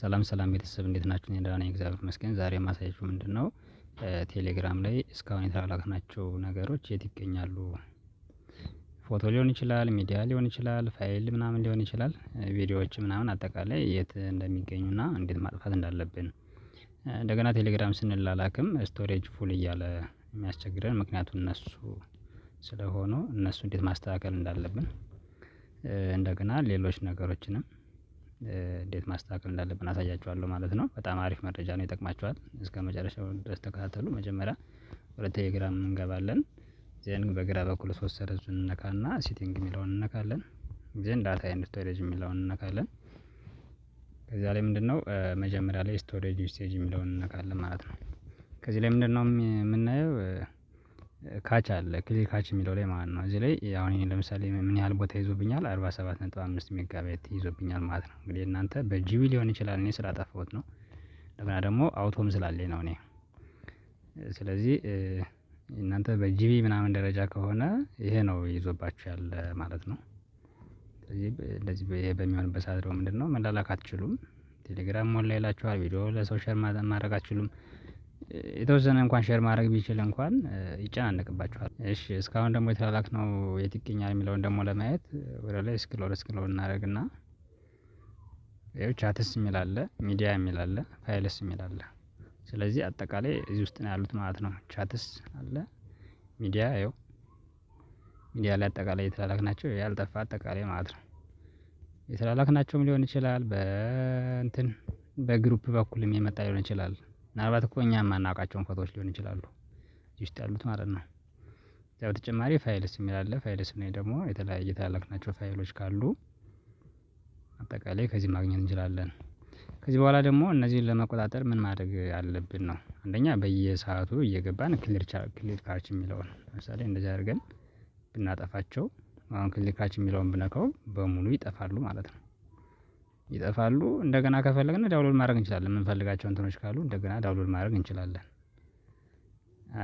ሰላም ሰላም ቤተሰብ እንዴት ናችሁ? እኔ ደህና ነኝ እግዚአብሔር ይመስገን። ዛሬ ማሳያችሁ ምንድነው ቴሌግራም ላይ እስካሁን የተላላክናቸው ነገሮች የት ይገኛሉ? ፎቶ ሊሆን ይችላል፣ ሚዲያ ሊሆን ይችላል፣ ፋይል ምናምን ሊሆን ይችላል፣ ቪዲዮዎች ምናምን አጠቃላይ የት እንደሚገኙና እንዴት ማጥፋት እንዳለብን እንደገና ቴሌግራም ስንላላክም ስቶሬጅ ፉል እያለ የሚያስቸግረን ምክንያቱ እነሱ ስለሆኑ እነሱ እንዴት ማስተካከል እንዳለብን እንደገና ሌሎች ነገሮችንም እንዴት ማስተካከል እንዳለብን አሳያችኋለሁ ማለት ነው። በጣም አሪፍ መረጃ ነው ይጠቅማችኋል መጨረሻው ድረስ ተከታተሉ። መጀመሪያ ወደ ቴሌግራም እንገባለን ዜን በግራ በኩል ሶስት ሰረዙን እንነካና ሴቲንግ የሚለውን እነካለን። ዜን ዳታ ኤንድ ስቶሬጅ የሚለውን እነካለን። ከዚያ ላይ ምንድን ነው መጀመሪያ ላይ ስቶሬጅ ዩሴጅ የሚለውን እነካለን ማለት ነው። ከዚህ ላይ ምንድን ነው የምናየው ካች አለ ክሊር ካች የሚለው ላይ ማለት ነው። እዚህ ላይ አሁን ለምሳሌ ምን ያህል ቦታ ይዞብኛል? አርባ ሰባት ነጥብ አምስት ሜጋባይት ይዞብኛል ማለት ነው። እንግዲህ እናንተ በጂቢ ሊሆን ይችላል እኔ ስላጠፋሁት ነው። እንደገና ደግሞ አውቶም ስላለኝ ነው እኔ። ስለዚህ እናንተ በጂቢ ምናምን ደረጃ ከሆነ ይሄ ነው ይዞባችሁ ያለ ማለት ነው። ስለዚህ እንደዚህ በሚሆንበት ሰዓት ደግሞ ምንድን ነው መላላክ አትችሉም። ቴሌግራም ሞላ ይላችኋል። ቪዲዮ ለሰው ሸር ማድረግ አትችሉም። የተወሰነ እንኳን ሼር ማድረግ ቢችል እንኳን ይጨናነቅባቸዋል። እሺ እስካሁን ደግሞ የተላላክ ነው የት ይገኛል የሚለውን ደግሞ ለማየት ወደ ላይ ስክሎር ስክሎር ና ይኸው ቻትስ የሚላለ ሚዲያ የሚላለ ፋይልስ የሚላለ ስለዚህ አጠቃላይ እዚህ ውስጥ ነው ያሉት ማለት ነው። ቻትስ አለ፣ ሚዲያ ይኸው ሚዲያ ላይ አጠቃላይ የተላላክ ናቸው ያልጠፋ አጠቃላይ ማለት ነው። የተላላክ ናቸውም ሊሆን ይችላል በእንትን በግሩፕ በኩልም የመጣ ሊሆን ይችላል። ምናልባት እኮ እኛ የማናውቃቸውን ፎቶዎች ሊሆን ይችላሉ እዚህ ውስጥ ያሉት ማለት ነው። ከዛ በተጨማሪ ፋይልስ የሚል አለ። ፋይልስ ስንል ደግሞ የተለያየ የተላክናቸው ፋይሎች ካሉ አጠቃላይ ከዚህ ማግኘት እንችላለን። ከዚህ በኋላ ደግሞ እነዚህን ለመቆጣጠር ምን ማድረግ አለብን ነው? አንደኛ በየሰዓቱ እየገባን ክሊር ክሊር ካች የሚለውን ለምሳሌ እንደዚህ አድርገን ብናጠፋቸው አሁን ክሊር ካች የሚለውን ብነካው በሙሉ ይጠፋሉ ማለት ነው ይጠፋሉ። እንደገና ከፈለግን ዳውንሎድ ማድረግ እንችላለን። የምንፈልጋቸው እንትኖች ካሉ እንደገና ዳውንሎድ ማድረግ እንችላለን።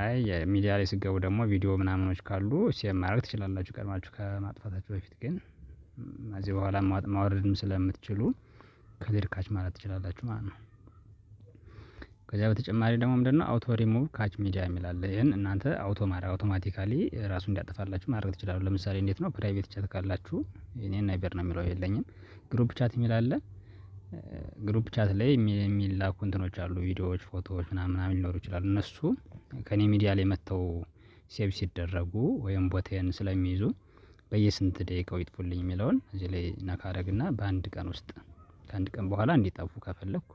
አይ ሚዲያ ላይ ስገቡ ደግሞ ቪዲዮ ምናምኖች ካሉ ሴቭ ማድረግ ትችላላችሁ። ቀድማችሁ ከማጥፋታችሁ በፊት ግን እዚህ በኋላ ማውረድም ስለምትችሉ ከሌድካች ማለት ትችላላችሁ ማለት ነው። ከዚያ በተጨማሪ ደግሞ ምንድነው አውቶ ሪሙቭ ካች ሚዲያ የሚላለ ይህን እናንተ አውቶ ማድረግ አውቶማቲካሊ ራሱ እንዲያጠፋላችሁ ማድረግ ትችላሉ። ለምሳሌ እንዴት ነው ፕራይቬት ቻት ካላችሁ እኔ ናይበር ነው የሚለው የለኝም። ግሩፕ ቻት የሚላለ ግሩፕ ቻት ላይ የሚላኩ እንትኖች አሉ ቪዲዮዎች፣ ፎቶዎች ምናምናም ሊኖሩ ይችላሉ። እነሱ ከእኔ ሚዲያ ላይ መጥተው ሴብ ሲደረጉ ወይም ቦታዬን ስለሚይዙ በየስንት ደቂቃው ይጥፉልኝ የሚለውን እዚህ ላይ ነካ አረግና በአንድ ቀን ውስጥ ከአንድ ቀን በኋላ እንዲጠፉ ከፈለኩ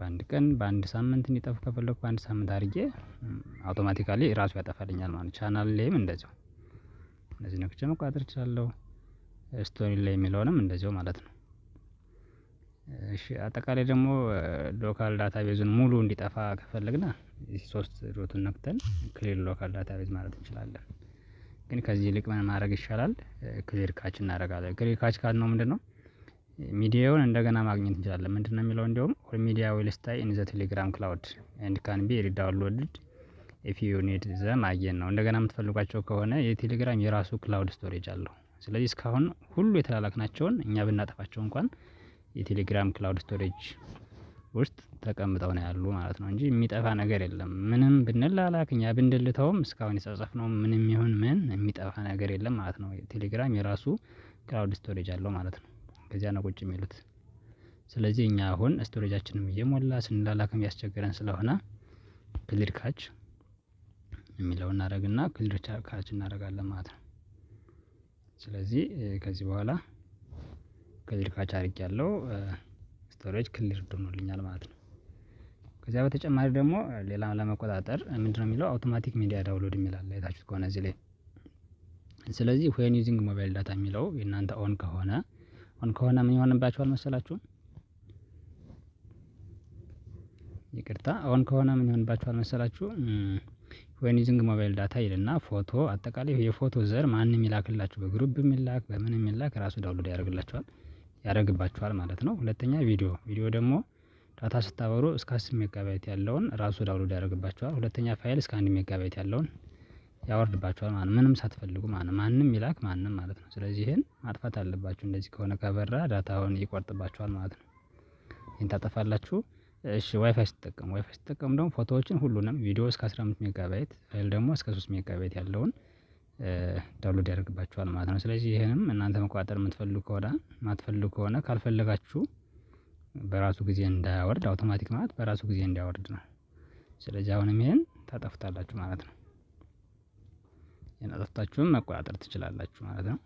በአንድ ቀን በአንድ ሳምንት እንዲጠፉ ከፈለኩ በአንድ ሳምንት አድርጌ አውቶማቲካሊ ራሱ ያጠፋልኛል ማለት ቻናል ላይም እንደዚሁ እንደዚህ ነክቼ መቋጠር እችላለሁ። ስቶሪ ላይ የሚለውንም እንደዚሁ ማለት ነው። እሺ አጠቃላይ ደግሞ ሎካል ዳታ ቤዙን ሙሉ እንዲጠፋ ከፈለግን ሶስት ዶቱን ነክተን ክሊር ሎካል ዳታ ቤዝ ማለት እንችላለን። ግን ከዚህ ይልቅ ምን ማድረግ ይሻላል? ክሊር ካች እናደርጋለን። ክሊር ካች ምንድን ምንድነው ሚዲያውን እንደገና ማግኘት እንችላለን። ምንድነው? የሚለው እንደውም ሚዲያ ዊል ስታይ ኢን ዘ ቴሌግራም ክላውድ ኤንድ ካን ቢ ሪዳውንሎድድ ኢፍ ዩ ኒድ ዘም አየን ነው። እንደገና የምትፈልጓቸው ከሆነ የቴሌግራም የራሱ ክላውድ ስቶሬጅ አለው። ስለዚህ እስካሁን ሁሉ የተላላክናቸውን እኛ ብናጠፋቸው እንኳን የቴሌግራም ክላውድ ስቶሬጅ ውስጥ ተቀምጠው ነው ያሉ ማለት ነው እንጂ የሚጠፋ ነገር የለም። ምንም ብንላላክ እኛ ብንድልተውም እስካሁን ነው ምንም ይሁን ምን የሚጠፋ ነገር የለም ማለት ነው። ቴሌግራም የራሱ ክላውድ ስቶሬጅ አለው ማለት ነው ከዚያ ነው ቁጭ የሚሉት። ስለዚህ እኛ አሁን ስቶሬጃችንም እየሞላ ስንላላክም ያስቸገረን ስለሆነ ክሊር ካች የሚለው እናደረግና ክሊር ካች እናደረጋለን ማለት ነው። ስለዚህ ከዚህ በኋላ ክሊር ካች አድርግ ያለው ስቶሬጅ ክሊር ድኖልኛል ማለት ነው። ከዚያ በተጨማሪ ደግሞ ሌላ ለመቆጣጠር ምንድነው የሚለው አውቶማቲክ ሚዲያ ዳውንሎድ የሚላል አይታችሁት ከሆነ እዚህ ላይ። ስለዚህ ዌን ዩዚንግ ሞባይል ዳታ የሚለው የእናንተ ኦን ከሆነ አሁን ከሆነ ምን ይሆንባችኋል መሰላችሁም? ይቅርታ አሁን ከሆነ ምን ይሆንባችኋል መሰላችሁ? ወይን ዝንግ ሞባይል ዳታ ይልና ፎቶ፣ አጠቃላይ የፎቶ ዘር ማን ይላክላችሁ፣ በግሩፕ የሚላክ በምን የሚላክ ራሱ ዳውንሎድ ያደርግላችኋል ያደርግባችኋል ማለት ነው። ሁለተኛ ቪዲዮ፣ ቪዲዮ ደግሞ ዳታ ስታበሩ እስከ አስር ሜጋባይት ያለውን ራሱ ዳውንሎድ ያደርግባችኋል። ሁለተኛ ፋይል እስከ አንድ ሜጋባይት ያለውን ያወርድባቸዋል ማለት ምንም ሳትፈልጉ ማለት ማንም ይላክ ማንም ማለት ነው። ስለዚህ ይሄን ማጥፋት አለባችሁ። እንደዚህ ከሆነ ከበራ ዳታውን ይቆርጥባቸዋል ማለት ነው። ይሄን ታጠፋላችሁ። እሺ ዋይፋይ ስትጠቀሙ ዋይፋይ ስትጠቀሙ ደግሞ ፎቶዎችን ሁሉንም ቪዲዮ እስከ 15 ሜጋባይት ፋይል ደግሞ እስከ 3 ሜጋባይት ያለውን ዳውንሎድ ያደርግባችኋል ማለት ነው። ስለዚህ ይህንም እናንተ መቆጣጠር የምትፈልጉ ከሆነ ማትፈልጉ ከሆነ ካልፈለጋችሁ በራሱ ጊዜ እንዳያወርድ አውቶማቲክ ማለት በራሱ ጊዜ እንዳያወርድ ነው። ስለዚህ አሁንም ይሄን ታጠፉታላችሁ ማለት ነው። መጠጣችሁን መቆጣጠር ትችላላችሁ ማለት ነው።